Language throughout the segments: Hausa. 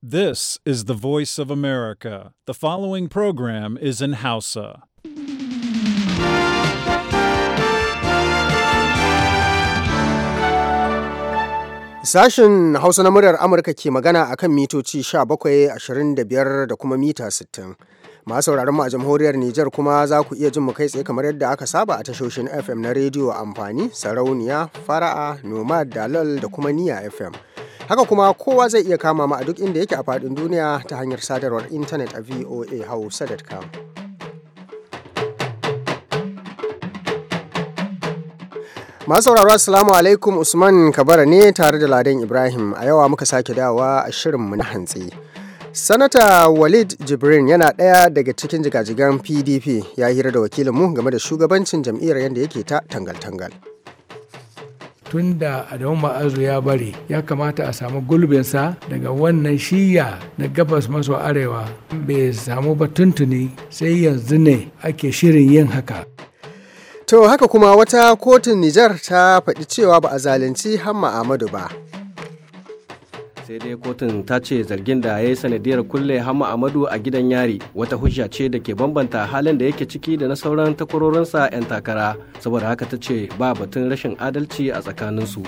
This is the voice of America. The following program is in Hausa. Sashen Hausa na muryar Amurka ke magana a kan mitoci bakwai 25 da kuma mita 60. Masu sauraron mu a jamhuriyar Nijar kuma za ku iya jin mu kai tsaye kamar yadda aka saba a tashoshin FM na rediyo amfani, sarauniya, fara'a, nomad, dalal da kuma niya FM. Haka kuma kowa zai iya kama mu a duk inda yake a faɗin duniya ta hanyar sadarwar intanet a voa hausa.com. Masu sauraro Assalamu alaikum Usman Kabara ne tare da Ladan Ibrahim a yawa muka sake dawowa a shirin mu na hantsi. Sanata Walid Jibrin yana ɗaya daga cikin jigajigan PDP ya hira da wakilinmu game da shugabancin jam'iyyar yadda yake ta tangal-tangal. tunda Adamu Ma'azu ya bari ya kamata a samu gulbinsa daga wannan shiya na gabas maso arewa bai samu ba tuntuni sai yanzu ne ake shirin yin haka. To haka kuma wata kotun Nijar ta faɗi cewa ba a zalunci Hamma Ahmadu ba. sai dai kotun ta ce zargin da ya yi sanadiyar kulle hama amadu a gidan yari wata hujja ce da ke bambanta halin da yake ciki da na sauran takwarorinsa 'yan takara saboda haka ta ce ba batun rashin adalci a tsakaninsu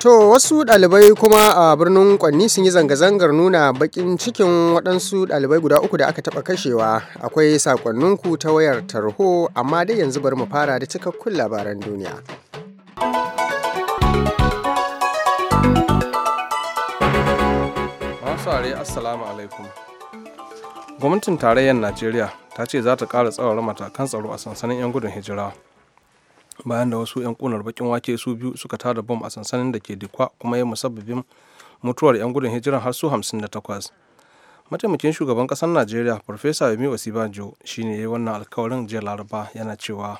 to wasu ɗalibai kuma a birnin kwanni sun yi zanga-zangar nuna bakin cikin waɗansu ɗalibai guda uku da aka taɓa kashewa akwai sakonninku ta wayar tarho amma dai yanzu bari mu fara da cikakkun labaran duniya. saurare assalamu alaikum gwamnatin tarayyar najeriya ta ce za ta ƙara tsawara matakan tsaro a sansanin 'yan gudun hijira bayan da wasu 'yan kunar bakin wake su biyu suka tara bom a sansanin da ke dikwa kuma ya musabbabin mutuwar 'yan gudun hijiran har su 58 mataimakin shugaban kasar najeriya farfesa yemi osibanjo ne ya yi wannan alkawarin jiya laraba yana cewa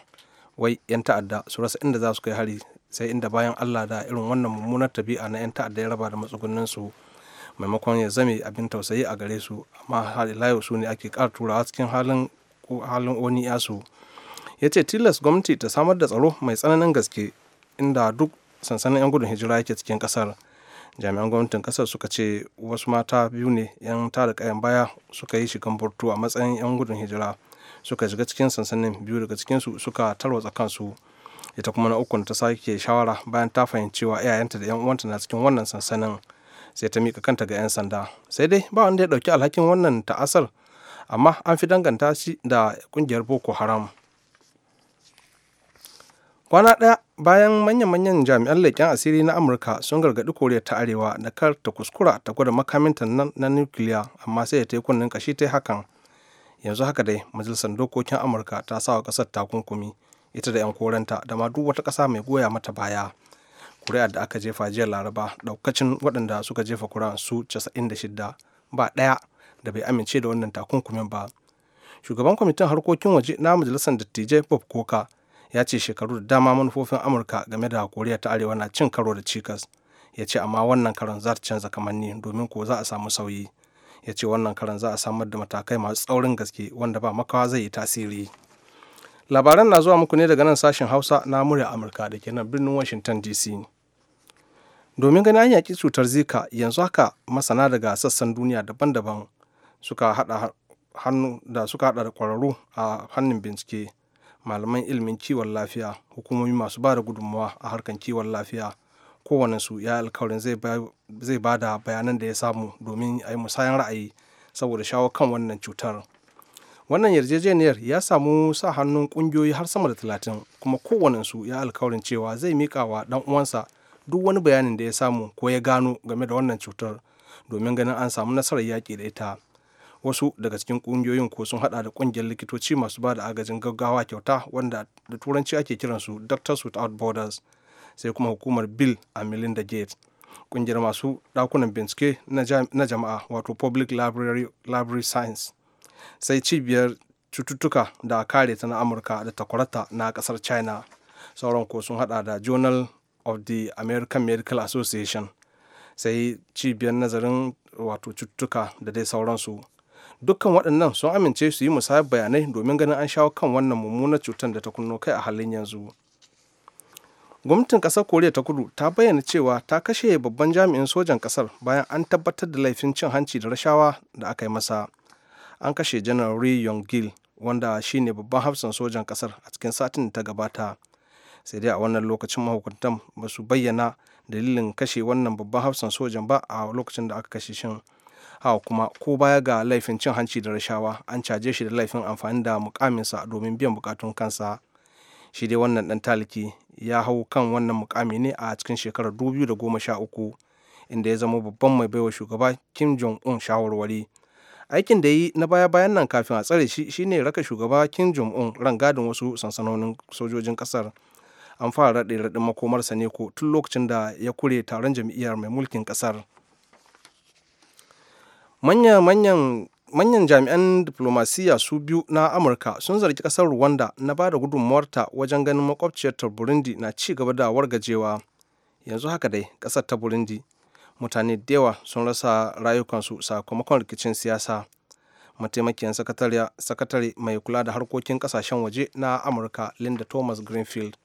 wai 'yan ta'adda su rasa inda za su kai hari sai inda bayan allah da irin wannan mummunar tabi'a na 'yan ta'adda ya raba da matsugunninsu su maimakon ya zame abin tausayi a gare su amma har ila su ne ake kara turawa cikin halin halin oni yasu ya ce tilas gwamnati ta samar da tsaro mai tsananin gaske inda duk sansanin 'yan gudun hijira yake cikin kasar jami'an gwamnatin kasar suka ce wasu mata biyu ne 'yan tada kayan baya suka yi shigan burtu a matsayin 'yan gudun hijira suka shiga cikin sansanin biyu daga cikinsu suka tarwatsa kansu ita kuma na ukun ta sake shawara bayan ta fahimci cewa iyayenta da 'yan uwanta na cikin wannan sansanin sai ta mika kanta ga 'yan sanda sai dai ba wanda ya ɗauki alhakin wannan ta'asar amma an fi danganta shi da kungiyar boko haram kwana ɗaya bayan manyan-manyan jami'an leƙen asiri na amurka sun gargaɗi koriya ta arewa da kar ta kuskura ta gwada makaminta na nukiliya amma sai ta yi kunnen kashi ta hakan yanzu haka dai majalisar dokokin amurka ta sa wa ƙasar takunkumi ita da 'yan koranta da ma duk wata ƙasa mai goya mata baya kuri'a da aka jefa jiya laraba daukacin waɗanda suka jefa kuri'a su 96 ba ɗaya da bai amince da wannan takunkumin ba shugaban kwamitin harkokin waje na majalisar dattijai bob koka ya ce shekaru da dama manufofin amurka game da koriya ta arewa na cin karo da cikas ya ce amma wannan karan za ta canza kamanni domin ko za a samu sauyi ya ce wannan karan za a samar da matakai masu tsaurin gaske wanda ba makawa zai yi tasiri labaran na zuwa muku ne daga nan sashen hausa na murya amurka da ke nan birnin washington dc domin ganin an yaƙi cutar zika yanzu haka masana daga sassan duniya daban-daban suka haɗa hannu da suka haɗa da ƙwararru a hannun bincike malaman ilimin kiwon lafiya hukumomi masu ba da gudunmawa a harkar kiwon lafiya su ya alkawarin zai ba da bayanan da ya samu domin a yi musayan ra'ayi saboda shawo kan wannan cutar wannan yarjejeniyar ya samu sa hannun kungiyoyi har sama da talatin kuma su ya alkawarin cewa zai miƙa wa ɗan uwansa duk wani bayanin da ya samu ko ya gano game da wannan cutar domin ganin an samu nasarar yaƙi da ita wasu daga cikin ƙungiyoyin ko sun hada da ƙungiyar likitoci masu ba da agajin gaggawa kyauta wanda da turanci ake kiransu doctors without borders sai kuma hukumar bill a melinda gates ƙungiyar masu ɗakunan bincike na jama'a wato public library, library science sai cibiyar cututtuka da kare ta na amurka da takwarata na ƙasar china sauran ko sun hada da journal of the american medical association sai cibiyar nazarin wato cututtuka da dai sauransu dukkan waɗannan sun amince su yi musayar bayanai domin ganin an shawo kan wannan mummunar cutar da ta kunno kai a halin yanzu gwamnatin ƙasar koriya ta kudu ta bayyana cewa ta kashe babban jami'in sojan ƙasar bayan an tabbatar da laifin cin hanci da rashawa da aka yi masa an kashe janar ri yong gil wanda shine babban hafsan sojan ƙasar a cikin satin da ta gabata sai dai a wannan lokacin mahukuntan ba su bayyana dalilin kashe wannan babban hafsan sojan ba a lokacin da aka kashe shin hawa kuma ko baya ga laifin cin hanci da rashawa an caje shi da laifin amfani da mukaminsa domin biyan bukatun kansa shi dai wannan dan taliki ya hau kan wannan mukami ne a cikin shekarar da goma sha uku inda ya zama babban mai baiwa shugaba kim jong un shawarwari aikin da yi na baya-bayan nan kafin a tsare shi shine raka shugaba kim jong un rangadin wasu sansanonin sojojin kasar an fara raɗe raɗin makomarsa ne ko tun lokacin da ya kure taron jam'iyyar mai mulkin ƙasar manyan manyan jami'an diplomasiya su biyu na amurka sun zargi kasar rwanda na ba da gudunmuwarta wajen ganin makwabciyar ta burundi na ci gaba da wargajewa yanzu haka dai kasar ta burundi mutane da yawa sun rasa rayukansu sakamakon rikicin siyasa mataimakiyar sakatare mai kula da harkokin kasashen waje na amurka linda thomas greenfield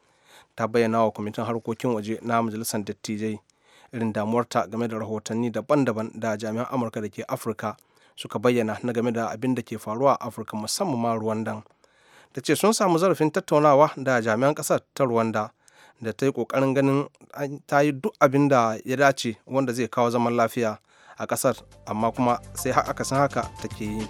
ta bayyana wa kwamitin harkokin waje na majalisar dattijai irin damuwarta game da rahotanni daban-daban da jami'an amurka da ke afirka suka bayyana na game da abin da ke faruwa a afirka musamman ma rwandan da ce sun samu zarafin tattaunawa da jami'an ƙasar ta rwanda da ta yi ƙoƙarin ganin ta yi duk abin da ya dace wanda zai kawo zaman lafiya a ƙasar amma kuma sai san haka take yi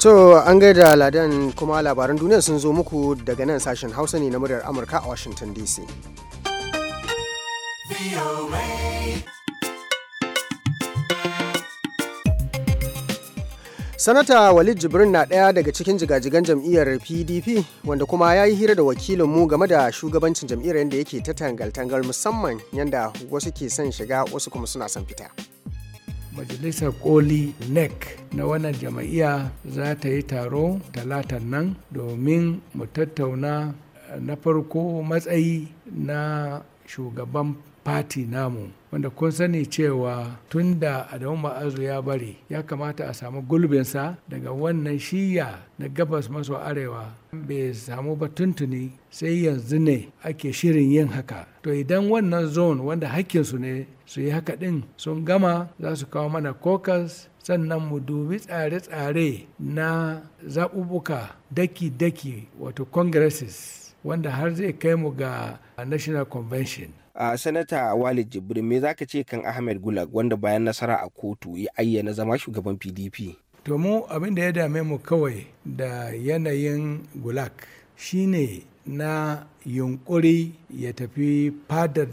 To an gaida ladan kuma labaran duniya sun zo muku daga nan sashen Hausa ne na muryar Amurka a Washington DC. sanata walid jibrin na ɗaya daga cikin jigajigan jam'iyyar pdp wanda kuma ya yi hira da wakilinmu game da shugabancin jam'iyyar yadda yake ta tangal-tangal musamman yadda wasu ke son shiga wasu kuma suna son fita majalisar koli nec na wannan jama'iyya za ta yi taro talatan nan domin mu tattauna eh, na farko matsayi na shugaban fati namu wanda kun sani cewa tun da adamu ma'azu ya bari ya kamata a samu gulbinsa daga wannan shiya na gabas maso arewa bai samu ba tuntuni sai yanzu ne ake shirin yin haka to idan wannan zone wanda hakkinsu ne su yi haka din sun gama za su kawo mana kokas sannan mu dubi tsare-tsare na zaɓuɓɓuka daki-daki wato congresses wanda har zai kai mu ga national convention Uh, sanata walid jibrin me za ka ce kan ahmed gulag wanda bayan nasara a kotu ya ayyana zama shugaban pdp to mu abin da ya dame mu kawai da yanayin gulag shine na yunkuri ya tafi fadar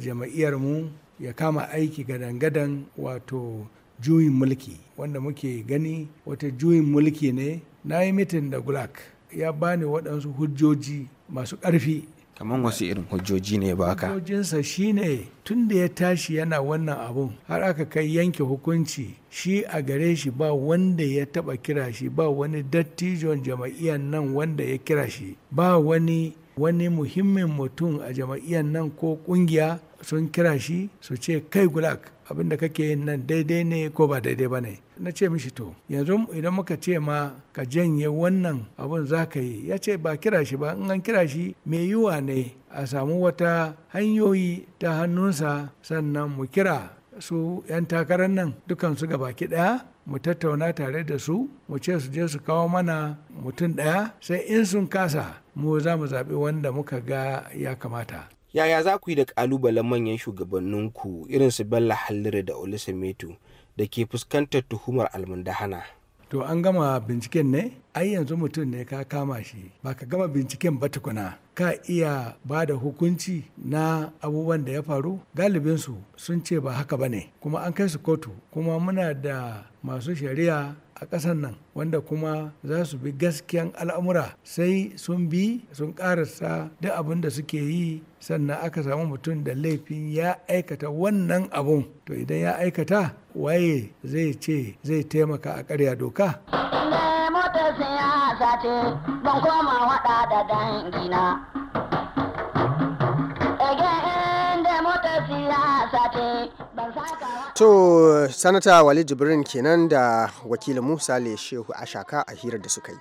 mu ya kama aiki gadan-gadan wato juyin mulki wanda muke gani wata juyin mulki ne na yi mitin da gulag ya bani waɗansu hujjoji masu ƙarfi kamar wasu irin hujjoji ne ba ka hujjojinsa shine tun da ya tashi yana wannan abun har aka kai yanke hukunci shi a gare shi ba wanda ya taba kira shi ba wani dattijon jama'iyan nan wanda ya kira shi ba wani wani muhimmin mutum a jama'iyyar nan ko kungiya sun kira shi su ce kai gulak abinda kake yin nan daidai ne ko ba daidai ba ne na ce mishi to yanzu idan muka ce ma ka janye wannan abin za ka yi ya ce ba kira shi ba in an kira shi mai yiwa ne a samu wata hanyoyi ta hannunsa sannan mu kira su 'yan takarar nan dukansu gabaki ɗaya mu tattauna tare da su mu ce su je su kawo mana mutum ɗaya sai in sun kasa mu za mu zaɓi wanda muka ga ya kamata yaya za ku yi da ƙalubalen manyan shugabanninku irin su bello halliri da olusemetu da ke fuskantar tuhumar almundahana to an gama binciken ne ai yanzu mutum ne ka kama shi ba ka gama binciken ba tukuna ka iya ba da hukunci na abubuwan da ya faru galibinsu sun ce ba haka ba ne kuma an kai su kotu kuma muna da masu shari'a a ƙasan nan wanda kuma za su bi gaskiyan al'amura sai sun bi sun ƙarasa duk abin da suke yi sannan aka samu mutum da laifin ya aikata wannan abun to idan ya aikata waye zai ce zai taimaka a karya doka motar siyasa ce don koma wada da dangina To, Sanata wali Jibrin kenan da wakilin Musa Le Shehu a shaka a hirar da suka yi.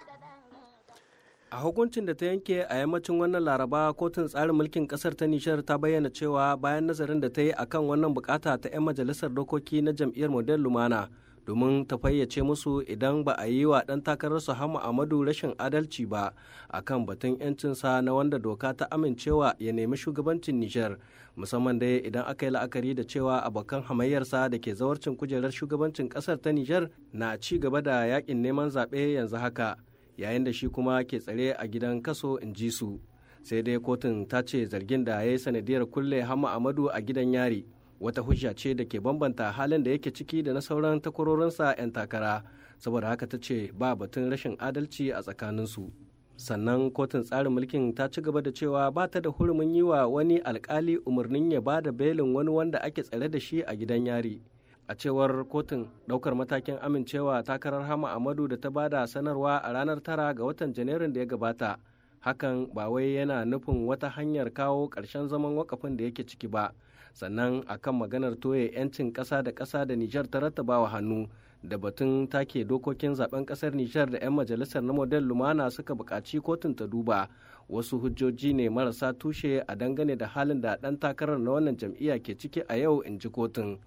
a hukuncin da ta yanke a yammacin wannan laraba kotun tsarin mulkin kasar ta nishar ta bayyana cewa bayan nazarin da ta yi akan wannan bukata ta 'yan majalisar dokoki na jam'iyyar model lumana domin ta fayyace musu idan ba a yi wa ɗan takararsu hama amadu rashin adalci ba a kan batun 'yancinsa na wanda doka ta amincewa ya nemi shugabancin nijar musamman dai idan aka yi la'akari da cewa abokan hamayyarsa da ke zawarcin kujerar shugabancin ƙasar ta nijar na ci gaba da yakin neman zaɓe yanzu haka yayin da shi kuma ke tsare a gidan kaso in ji su sai dai kotun ta ce zargin da ya yi sanadiyar kulle hama amadu a gidan yari wata hujja ce da ke bambanta halin da yake ciki da na sauran takwarorinsa 'yan takara saboda haka ta ce ba batun rashin adalci a tsakaninsu sannan kotun tsarin mulkin ta ci gaba da cewa ba ta da hurumin yi wa wani alkali umarnin ya ba da belin wani wanda ake tsare da shi a gidan yari a cewar kotun daukar matakin amincewa takarar hama amadu da ta bada sanarwa a ranar tara ga watan janairun da ya gabata hakan ba wai yana nufin wata hanyar kawo ƙarshen zaman wakafin da yake ciki ba sannan akan maganar toye 'yancin ƙasa da ƙasa da nijar ta rattabawa hannu da batun take dokokin zaben ƙasar nijar da 'yan majalisar na model lumana suka buƙaci kotun ta duba wasu hujjoji ne marasa tushe a dangane da halin da ɗan takarar na wannan jam'iyya ke ciki a yau in ji kotun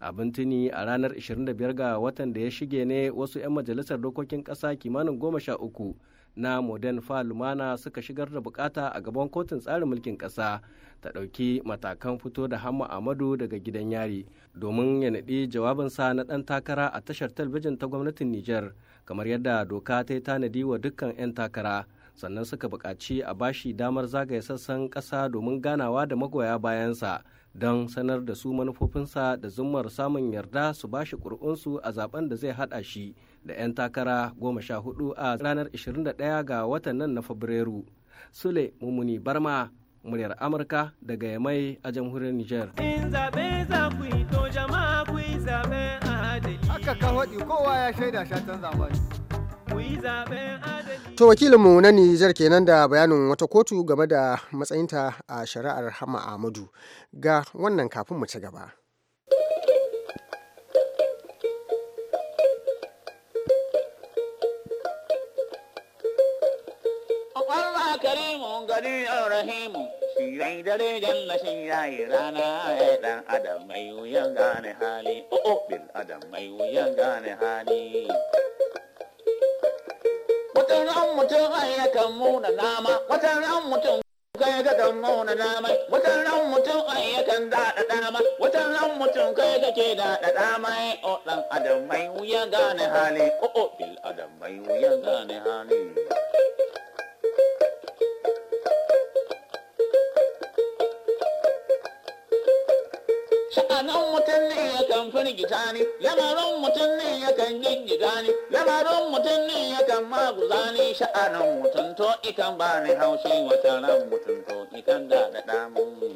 abin tuni a ranar 25 ga watan da ya shige ne wasu 'yan majalisar dokokin ƙasa kimanin goma sha uku na modern fa lumana suka shigar da bukata a gaban kotun tsarin mulkin ƙasa ta ɗauki matakan fito da hamma amadu daga gidan yari domin ya naɗi jawabinsa na ɗan takara a tashar talbijin ta gwamnatin nijar kamar yadda doka ta yi tanadi wa dukkan 'yan takara sannan suka buƙaci a bashi damar zagaya sassan ƙasa domin ganawa da magoya bayansa don sanar da su manufofinsa da zummar samun yarda su bashi ƙuri'unsu a zaben da zai haɗa shi da 'yan takara goma sha hudu a ranar 21 ga watan nan na fabrairu sule mummuni barma muryar amurka daga yamai a jamhuriyar niger in zaɓe za ku yi to jama'a ku yi a adali haka kan waɗi kowa ya shaida shatan To wakilinmu na Nijar kenan da bayanin wata kotu game da matsayinta a shari'ar Hama Ahmadu ga wannan kafin mu ci gaba. gafari ya rahimu shi yayi dare janna yayi rana dan adam mai wuyan gane hali o'o bil adam gane hali mutum ai muna nama watan mutum kai ga kan muna nama mutum ai yakan dama watan mutum kai ga ke dama dan adam mai wuyan gane hali adam gane hali sha'anin mutum ne yakan firgita ni lamarin mutum ne yakan gingiga ni lamarin mutum ne yakan maguza ne sha'anin mutum to ikan ba ni haushi wata ran mutum to ikan da da damun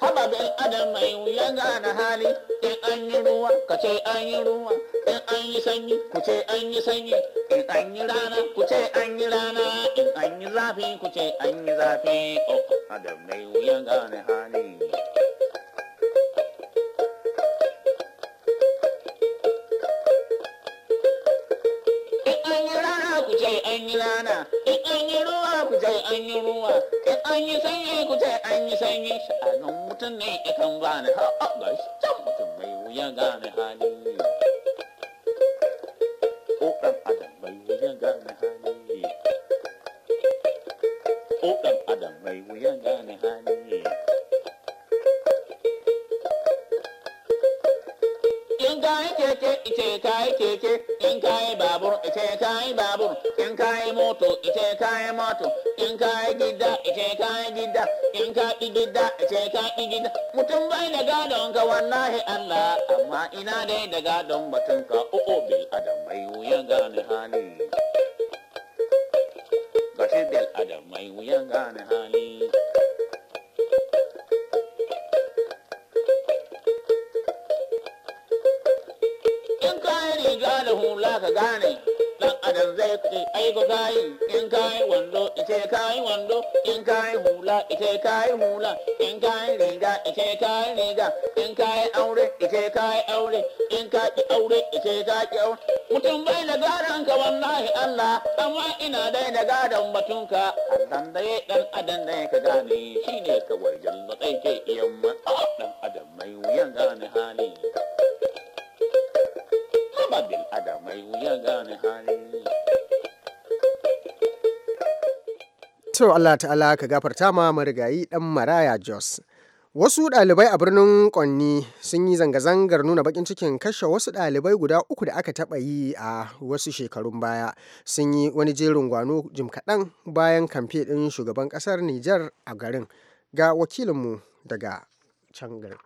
haba adam mai an gane hali in an yi ruwa ka ce an yi ruwa in an yi sanyi ku ce an yi sanyi in an yi rana ku ce an yi rana in an yi zafi ku ce an yi zafi oh mai wuyan gane hali in an yi rana ku ce an yi rana kai an yi ruwa kai an yi sanyi ku ce an yi sanyi sha'anin mutum ne ikan bani ha'a ga shi can mutum mai wuya gane hali yi ko ɗan adam mai wuya gane hali yi ko ɗan adam mai wuya gane hali yi kayi keke ice kayi keke in kayi babur ite kayi babur in kayi moto ite kayi moto in kayi gida ice kayi gida in kayi gida ite kayi gida mutum bai da gadon ka wallahi Allah amma ina dai da gadon batun ka o'o bil adam mai wuyan gane hali gashi bil adam mai wuyan gane hali ka gane dan adam zai ce ai ko kai in kai wando ite kai wando in kai hula ite kai hula in kai riga ite kai riga in kai aure ite kai aure in kai aure ite kai ki aure mutum bai da garan ka wallahi Allah amma ina dai da garan batun ka Allah dai dan adam dai ka gane shine kawai jalla dai ke iyan dan adam mai wuyan gane hali ba bil adamai wuya gane hali to Allah ta'ala ka gafarta ma marigayi ɗan maraya Jos Wasu ɗalibai a birnin Kwanni sun yi zanga-zangar nuna bakin cikin kashe wasu ɗalibai guda uku da aka taɓa yi a wasu shekarun baya. Sun yi wani jerin gwano jim kaɗan bayan kamfe ɗin shugaban ƙasar Nijar a garin. Ga wakilinmu daga can garin.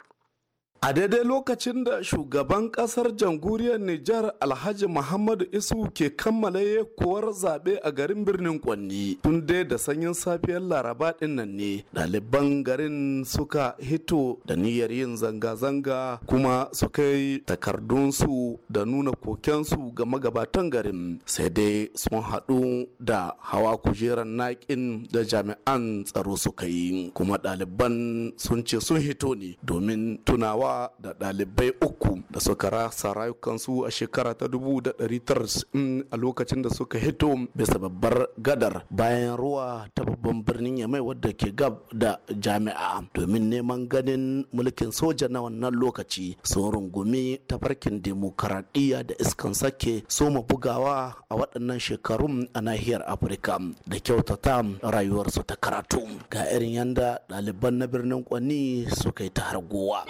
A daidai lokacin da shugaban kasar jamhuriyar Nijar Alhaji Muhammadu Isu ke kammala kuwar zaɓe a garin birnin Kwanni tun dai da sanyin safiyar Laraba ɗin nan ne ɗaliban garin suka hito da niyyar yin zanga-zanga kuma su kai takardunsu da nuna kokensu ga magabatan garin sai dai sun haɗu da hawa kujerar naƙin da jami'an tsaro suka yi kuma ɗaliban sun ce sun hito ne domin tunawa da ɗalibai uku da suka rasa rayukansu a shekara ta 1990 a lokacin da suka hito bisa babbar gadar bayan ruwa ta babban birnin yamai wadda ke gab da jami'a domin neman ganin mulkin soja na wannan lokaci sun rungumi tafarkin demokaradiyya da iskan sake soma bugawa a waɗannan shekarun a nahiyar afirka da kyautata rayuwarsu ta karatu ga irin yanda ɗaliban na birnin kwani, suka yi ta harguwa.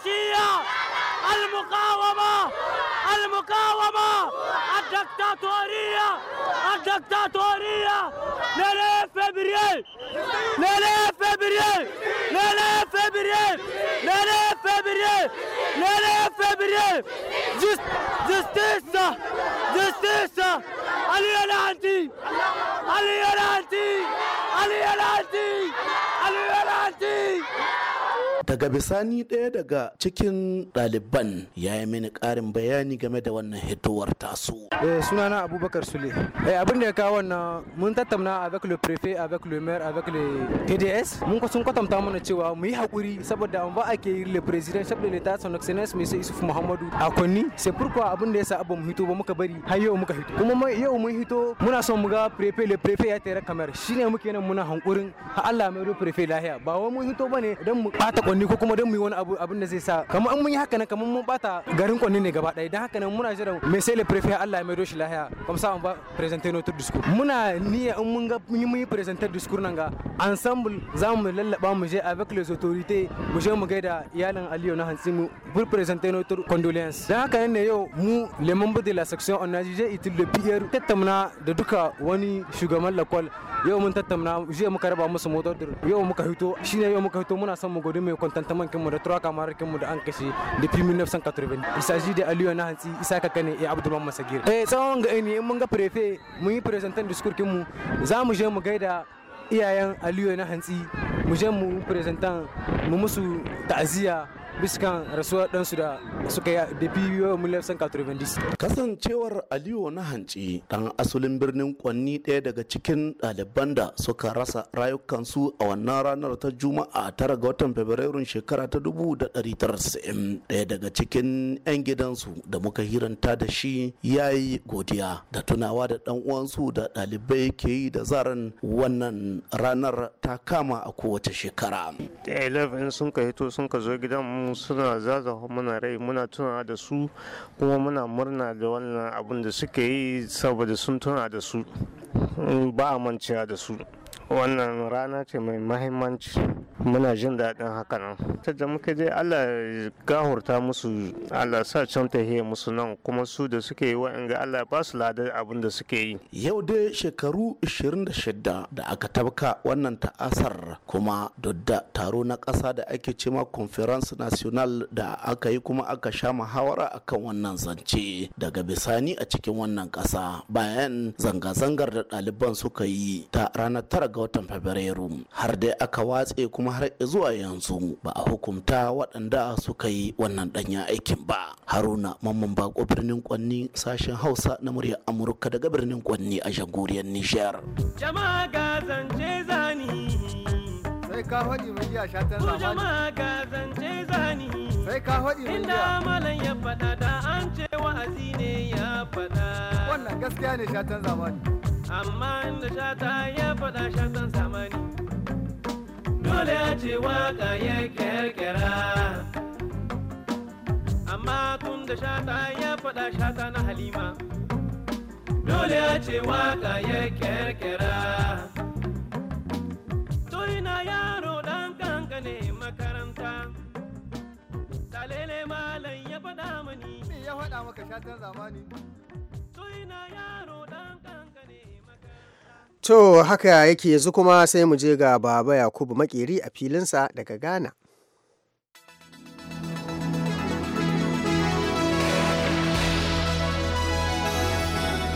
السياسية المقاومة المقاومة الدكتاتورية الدكتاتورية ليلة فبراير ليلة فبراير ليلة فبراير ليلة فبراير ليلة فبراير جستيسة جستيسة علي الانتي علي الانتي علي الانتي علي الانتي daga bisani ɗaya daga cikin ɗaliban ya yi mini ƙarin bayani game da wannan hitowar tasu eh sunana abubakar sule eh abin da ya kawo wannan mun tattauna avec le préfet avec le maire avec le TDS mun ko sun kwatanta mana cewa mu yi hakuri saboda an ba ake yi le président chef de l'état son excellence monsieur Isuf Muhammadu a konni c'est pourquoi abin da yasa sa abin mu hito ba muka bari har yau muka hito kuma mai yau mun hito muna son mu ga préfet le préfet ya tare kamar shine muke nan muna hankurin ha Allah mai rufe préfet lahiya ba wai mun hito bane dan mu bata kwanni ko kuma don mu yi wani abu abin da zai sa kamar an mun yi haka nan kamar mun bata garin kwanni ne gaba ɗaya don haka nan muna jira mai sai le prefer Allah ya mai doshi lahiya kuma sa ba presenter notre discours muna niyya in mun ga mun yi presenter discours nan ga ensemble za mu lallaba mu je avec les autorités mu je mu gaida iyalan Aliyu na Hansi mu pour presenter notre condoléances don haka nan ne yau mu le membre de la section on a jugé utile de pierre tattauna da duka wani shugaban lakwal yau mun tattauna jiya muka raba musu motar yau muka hito shine yau muka hito muna son mu godi mai contentement que da trois camarades que da an kashe depuis 1980 il s'agit de Aliyu Nahansi Issa Kakane et Abdulman Masagir eh tsawon ga ne in mun ga prefe mun yi presentant discours que za mu je mu gaida iyayen Aliyu na hantsi mu je mu presentant mu musu ta'aziyya bisa rasuwar ɗansu da suka yi da biyu miliyar san kasancewar aliyu na hanci ɗan asalin birnin kwanni ɗaya daga cikin ɗaliban da suka rasa rayukansu a wannan ranar ta juma'a tara ga watan fabrairun shekara ta dubu da ɗari ɗaya daga cikin 'yan gidansu da muka hiranta da shi ya yi godiya da tunawa da ɗan uwansu da ɗalibai ke yi da zaran wannan ranar ta kama a kowace shekara. sun ka hito sun ka zo gidan mu suna zazafa mana rai muna tuna da su kuma muna murna da wannan abin da suke yi saboda sun tuna da su ba a mancewa da su wannan rana ce mai mahimmanci muna jin daɗin hakanan ta da muka je allah gahurta musu allah sa can tahiya musu nan kuma su da suke yi wa'anga allah ba su ladar abin da suke yi yau dai shekaru 26 da aka tabka wannan ta'asar kuma duk taro na ƙasa da ake ce ma conference national da aka yi kuma aka sha muhawara akan wannan zance daga bisani a cikin wannan ƙasa bayan zanga-zangar da ɗaliban suka yi ta ranar ga ga watan fabrairu har dai aka watse kuma har zuwa yanzu ba a hukunta waɗanda suka yi wannan ɗanya aikin ba haruna mamman bako birnin kwanni sashen hausa na murya amurka daga birnin kwanni a jamhuriyar nijar sai ka faɗi mai shatan zamani inda malam ya faɗa da an ce wa'azi ne ya faɗa wannan gaskiya ne shatan zamani amma inda shata ya faɗa shatan zamani dole a ce waka ya kyarkyara amma tun da shata ya faɗa shata na halima dole a ce waka ya kyarkyara tun na yaro ɗan kankane makaranta talele malam ya faɗa mani me ya faɗa maka shatan zamani tun yaro ɗan kankane To haka yake yanzu kuma sai mu je ga Baba Yakubu Makeri a filinsa daga Ghana.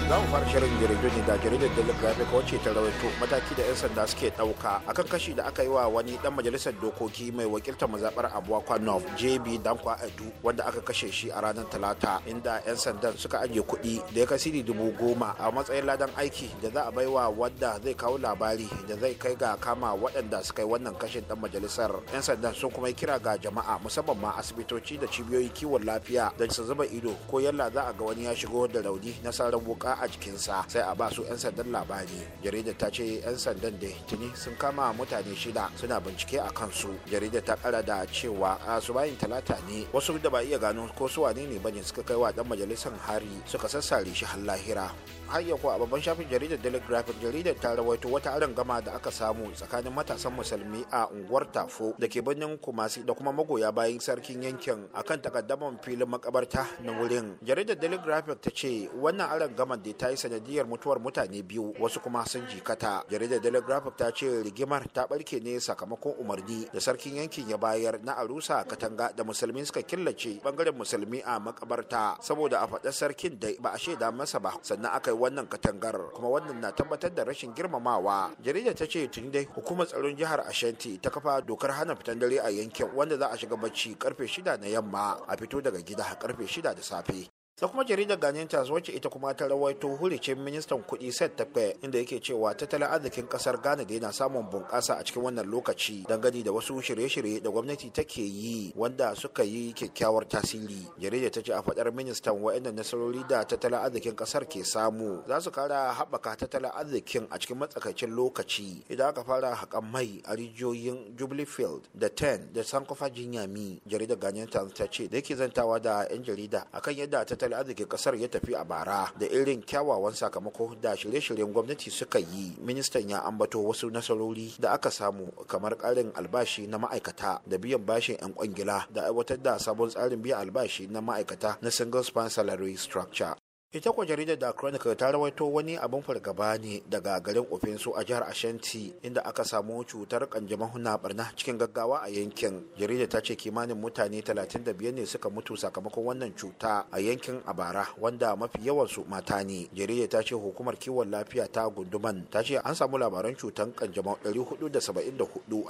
za mu fara shirin ne da jaridar daily graphic ce ta rawaito mataki da 'yan sanda suke ɗauka akan kashi da aka yi wa wani dan majalisar dokoki mai wakiltar mazaɓar abuwa kwanov jb dankwa adu wanda aka kashe shi a ranar talata inda 'yan sandan suka ajiye kuɗi da ya kasiri dubu goma a matsayin ladan aiki da za a bai wa wanda zai kawo labari da zai kai ga kama waɗanda suka yi wannan kashin dan majalisar 'yan sandan sun kuma yi kira ga jama'a musamman ma asibitoci da cibiyoyi kiwon lafiya da su zuba ido ko yalla za a ga wani ya shigo da rauni na saran wuka a jikinsa sai a ba su 'yan sandan labari jaridar ta ce 'yan sandan da tuni sun kama mutane shida suna bincike a kansu jaridar ta kara da cewa a bayin talata ne wasu da ba iya gano ko su wane ne bane suka kai wa dan majalisar hari suka sassare shi har lahira har yau a babban shafin jaridar daily graphic jaridar ta rawaito wata aron gama da aka samu tsakanin matasan musulmi a unguwar tafo da ke birnin kumasi da kuma magoya bayan sarkin yankin akan takaddamar filin makabarta na wurin jaridar daily graphic ta ce wannan aron gama da ta yi sanadiyar mutuwar mutane biyu wasu kuma sun jikata jaridar telegraph ta ce rigimar ta barke ne sakamakon umarni da sarkin yankin ya bayar na arusa katanga da musulmi suka killace bangaren musulmi a makabarta saboda a faɗa sarkin da ba a shaida masa ba sannan aka yi wannan katangar kuma wannan na tabbatar da rashin girmamawa jarida ta ce tun dai hukumar tsaron jihar ashanti ta kafa dokar hana fitan dare a yankin wanda za a shiga bacci karfe shida na yamma a fito daga gida karfe shida da safe da kuma jaridar ganyen tas wacce ita kuma ta rawaito hulicin ministan kuɗi set tafe inda yake cewa tattalin arzikin kasar ghana da yana samun bunƙasa a cikin wannan lokaci dangane da wasu shirye-shirye da gwamnati take yi wanda suka yi kyakkyawar tasiri jaridar ta ce a faɗar ministan wa'annan nasarori da tattalin arzikin kasar ke samu za su kara haɓaka tattalin arzikin a cikin matsakaicin lokaci idan aka fara haƙan mai a rijiyoyin jubilee field da ten da sankofa jinyami jaridar ganyen tas ta ce da yake zantawa da 'yan jarida akan yadda tattalin arzikin kasar ya tafi a bara da irin kyawawan sakamako da shirye-shiryen gwamnati suka yi ministan ya ambato wasu nasarori da aka samu kamar karin albashi na ma'aikata da biyan bashin 'yan kwangila da aiwatar da sabon tsarin biyan albashi na ma'aikata na single span salary structure ita kwa jaridar da chronicle ta rawaito wani abin fargaba ne daga garin ofinsu a jihar ashanti inda aka samu cutar kanjamau na barna cikin gaggawa a yankin jaridar ta ce kimanin mutane 35 ne suka mutu sakamakon wannan cuta a yankin abara wanda mafi yawansu mata ne jaridar ta ce hukumar kiwon lafiya ta gunduman ta ce an samu labaran cutar kanjamau 474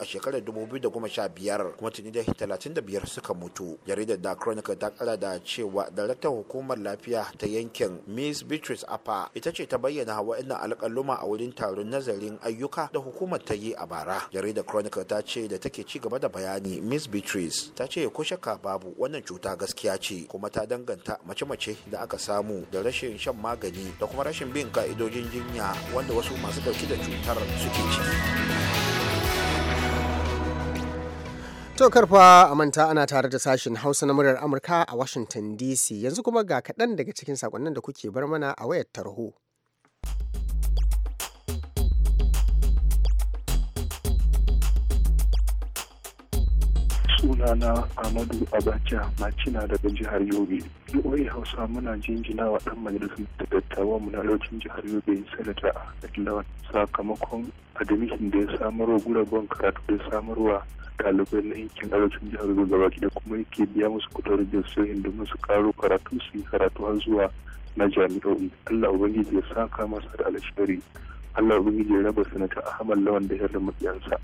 a shekarar 2015 kuma tuni da 35 suka mutu jaridar da chronicle ta kara da cewa daraktan hukumar lafiya ta yankin London, Miss Beatrice Apa, ita ce ta bayyana waɗannan alƙaluma a wurin taron nazarin ayyuka da hukumar ta yi a bara. Jaridar Chronicle ta ce da take ci gaba da bayani Miss Beatrice ta ce ko shakka babu wannan cuta gaskiya ce kuma ta danganta mace-mace da aka samu da rashin shan magani da kuma rashin bin ka'idojin jinya wanda wasu masu dauki da cutar suke ci. To karfa a manta ana tare da sashen Hausa na muryar Amurka a Washington DC yanzu kuma ga kaɗan daga cikin sakonnin da kuke bar mana a wayar tarho. sunana Amadu Abacha Macina daga jihar Yobe. Yi Hausa muna jinjina wa ɗan majalisar da dattawan mu na lokacin jihar Yobe Sanata Ahmed Lawan sakamakon adamishin da ya samarwa guraben karatu da samarwa ɗalibai na yankin arewacin jihar Gombe da kuma yake biya musu kuɗin rajin inda domin su karo karatu su yi karatu har zuwa na jami'o'i Allah ubangiji ya saka masa da alshari Allah ubangiji ya raba sanata Ahmad Lawan da yarda mabiyansa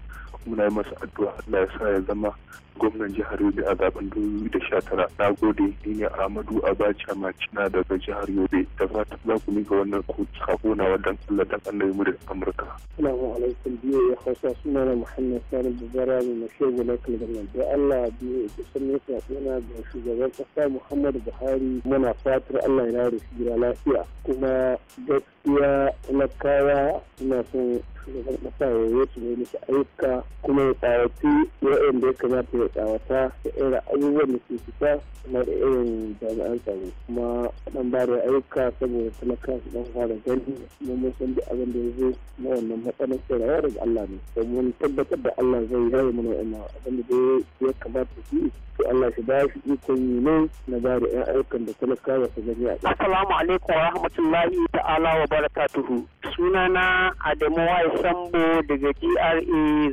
muna yi masa addu'a Allah ya sa ya zama gwamnan jihar Yobe a zaben 2019. Na gode ni ne Ahmadu Abacha Macina daga jihar Yobe da fata za ku miƙa wannan sako na wadan Allah dan Allah mu da Amurka. salamu alaikum biyu ya hausa suna na Muhammad Sani Bubara mai mashego na kalmar da Allah biyu ya kusan ne suna ga shugaban ƙasa Muhammadu Buhari muna fatar Allah ya rare shi lafiya kuma gaskiya iya talakawa na son shugaban masa ya yi su ne musu ayyuka kuma ya ya yi da ya kamata ya tsawata da irin abubuwan da ke fita kuma da irin jami'an tsaro kuma ɗan ba da ayyuka saboda talaka su ɗan fara gani kuma mun san duk abin da ya zo na wannan matsalar ya daga Allah ne domin tabbatar da Allah zai rayu mana wannan abin da ya kamata su yi to Allah shi ba shi ikon yi ne na ba da 'yan ayyukan da talakawa su gani a Assalamu alaikum wa rahmatullahi ta'ala wa barakatuhu. Sunana Adamu Sambo daga GRA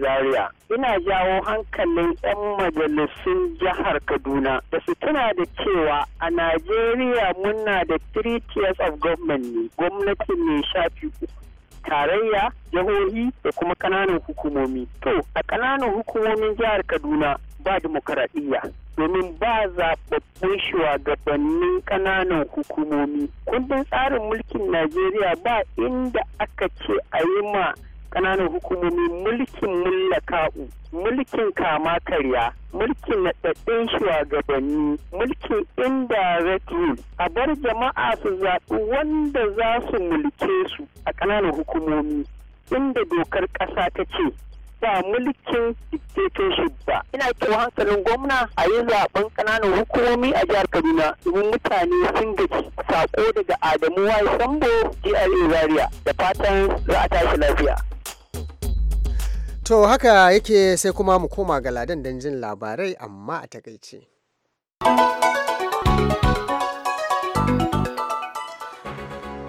Zaria. Ina jawo hankalin 'yan majalisun jihar Kaduna da su tuna da cewa a Najeriya muna da three tiers of government ne, gwamnati mai shafi tarayya jihohi da kuma ƙananan hukumomi to a ƙananan hukumomin jihar kaduna ba demokaradiyya domin ba zaɓaɓɓun shugabannin ƙananan hukumomi. Kundin tsarin mulkin Najeriya ba inda aka ce a yi ma ƙananan hukumomi mulkin mullaka'u, mulkin kama karya, mulkin naɗaɗɗen shugabanni, mulkin indirect rule, a bar jama'a su zaɓi wanda za su mulke su a ƙananan hukumomi. Inda dokar ƙasa ta ce ba mulkin dictatorship ba ina kyau hankalin gwamna a yi zaben ƙananan hukumomi a jihar kaduna domin mutane sun gaji sako daga adamu wai sambo zaria da fatan za a tashi lafiya to haka yake sai kuma mu koma ga ladan don jin labarai amma a takaice.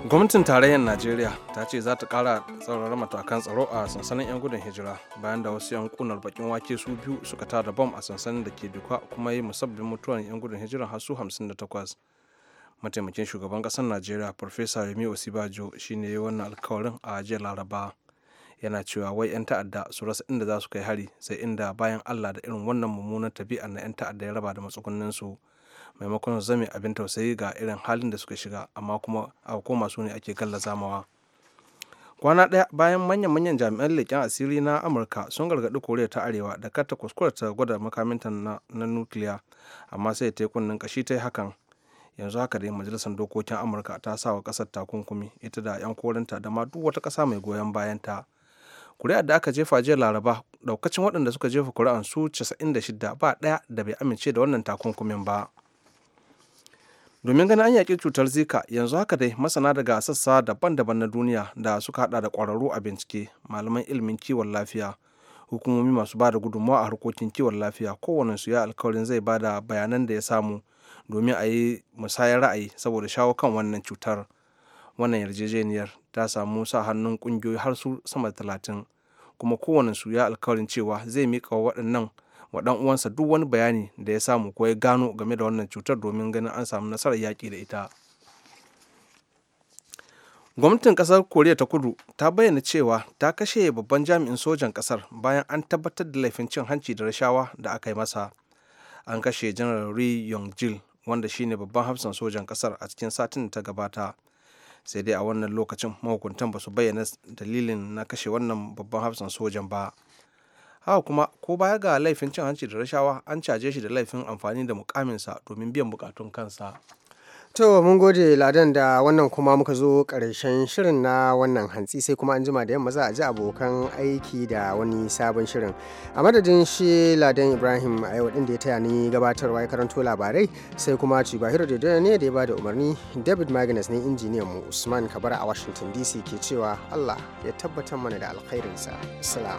gwamnatin tarayyar najeriya ta ce za ta kara tsarara matakan tsaro a sansanin 'yan gudun hijira bayan da wasu 'yan kunar bakin wake su biyu suka tada bom a sansanin da ke duka kuma yi musabbin mutuwar 'yan gudun hijira har su 58 mataimakin shugaban kasar najeriya farfesa remi osibajo shine ya wannan alkawarin a jiya laraba yana cewa wai 'yan ta'adda su rasa inda za su kai hari sai inda bayan allah da irin wannan mummunar tabi'a na 'yan ta'adda ya raba da matsugunninsu su maimakon zame abin tausayi ga irin halin da suka shiga amma kuma a koma su ne ake gallaza zamawa. kwana ɗaya bayan manyan-manyan jami'an leƙen asiri na amurka sun gargaɗi koriya ta arewa da kata kuskure ta gwada makaminta na, nukiliya amma sai ta yi kunnen kashi ta yi hakan yanzu haka dai majalisar dokokin amurka ta sa wa ƙasar takunkumi ita da 'yan korinta da ma duk wata ƙasa mai goyon bayan ta kuri'ar da aka jefa jiya laraba ɗaukacin waɗanda suka jefa kuri'an su 96 ba ɗaya da bai amince da wannan takunkumin ba. domin ganin an yaƙi cutar zika yanzu haka dai masana daga sassa daban-daban na duniya da suka hada da ƙwararru a bincike malaman ilimin kiwon lafiya hukumomi masu ba da gudunmawa a harkokin kiwon lafiya su ya alkawarin zai ba da bayanan da ya samu domin a yi musayar ra'ayi saboda shawo kan wannan cutar wannan yarjejeniyar ta samu sa hannun ƙungiyoyi har su sama da talatin kuma su ya alkawarin cewa zai miƙa waɗannan wa dan uwansa duk wani bayani da ya samu ko ya gano game da wannan cutar domin ganin an samu nasarar yaƙi da ita gwamnatin kasar koriya ta kudu ta bayyana cewa ta kashe babban jami'in sojan kasar bayan an tabbatar da laifin cin hanci da rashawa da aka yi masa an kashe janar ri yong jil wanda shine babban hafsan sojan kasar a cikin satin da ta gabata sai dai a wannan lokacin mahukuntan ba su bayyana dalilin na kashe wannan babban hafsan sojan ba haka kuma ko baya ga laifin cin hanci da rashawa an caje shi da laifin amfani da mukaminsa domin biyan bukatun kansa To mun gode ladan da wannan kuma muka zo karshen shirin na wannan hantsi sai kuma an jima da yamma za a ji abokan aiki da wani sabon shirin. A madadin shi ladan Ibrahim a yau din da ya taya ni gabatarwa ya karanto labarai sai kuma ba hira da ne da ya bada umarni David Magnus ne injiniyan mu Usman Kabara a Washington DC ke cewa Allah ya tabbatar mana da alkhairinsa. Salam.